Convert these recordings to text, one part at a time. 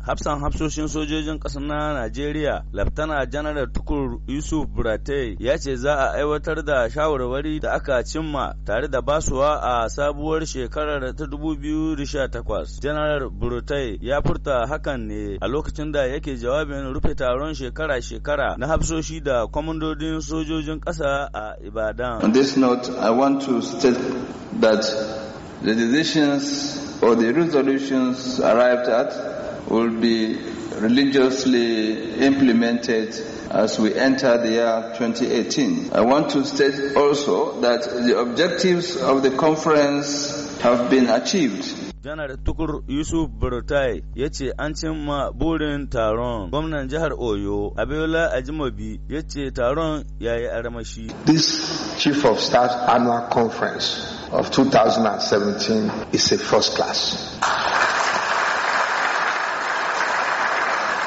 Hafsan hafsoshin sojojin ƙasar na Najeriya, Laftana Janaral Tukur Yusuf Burate ya ce za a aiwatar da shawarwari da aka cimma tare da basuwa a sabuwar shekarar ta 2018. Janaral Burate ya furta hakan ne a lokacin da yake jawabin rufe taron shekara-shekara na hafsoshi da kwamandodin sojojin ƙasa a Ibadan. On this note, I want to state that the decisions or the resolutions arrived at will be religiously implemented as we enter the year 2018. I want to state also that the objectives of the conference have been achieved. janar tukur yusuf ya ce an cimma burin taron gwamnan jihar oyo abiola ajimobi ya ce taron ya yi armashi this chief of staff annual conference of 2017 is a first class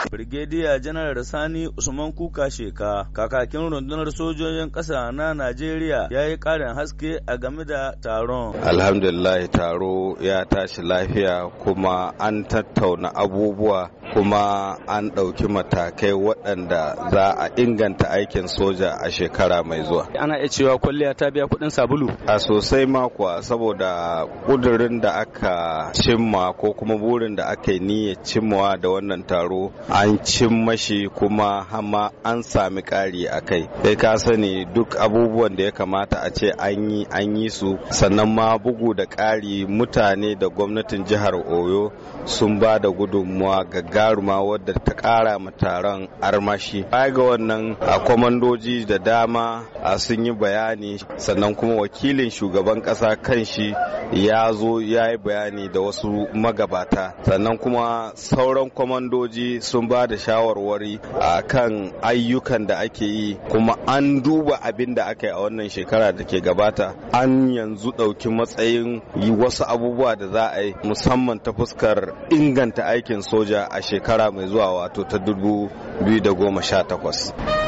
Brigadier General Sani Usman Kuka Sheka, kakakin rundunar sojojin ƙasa na Najeriya ya yi ƙarin haske a game da taron. Alhamdulillah taro ya tashi lafiya kuma an tattauna abubuwa kuma an ɗauki matakai waɗanda za a inganta aikin soja a shekara mai zuwa. Ana iya cewa kwalliya ta biya kuɗin sabulu? A sosai makuwa saboda ƙudurin da aka cimma ko kuma burin da aka yi niyyar cimmawa da wannan taro an an cin mashi kuma hama an sami kari a kai kai ka sani duk abubuwan da ya kamata a ce an yi an yi su sannan ma bugu da kari mutane da gwamnatin jihar oyo sun ba da gudunmuwa gagaruma wadda ta kara ma taron armashi baya ga wannan a kwamandoji da dama a sun yi bayani sannan kuma wakilin shugaban ƙasa kanshi ya zo ya yi bayani da wasu magabata sannan kuma sauran kwamandoji sun an ba da shawarwari a kan ayyukan da ake yi kuma an duba abin da aka yi a wannan shekara da ke gabata an yanzu ɗauki matsayin yi wasu abubuwa da za a yi musamman ta fuskar inganta aikin soja a shekara mai zuwa wato ta 2018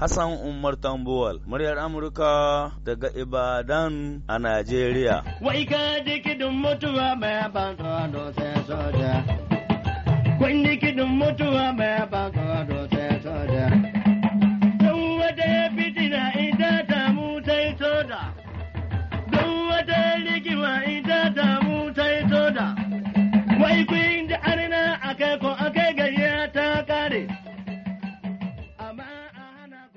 Hassan Umar Tambuwal, muryar Amurka daga Ibadan a Najeriya. Wai ka dikidin mutuwa mai ban tsoro sai soja. Kun dikidin mutuwa mai ban tsoro sai soja. Don wata ya fitina ita ta mu ta yi soja. Don wata rigima ita ta mu ta yi soja. Wai kun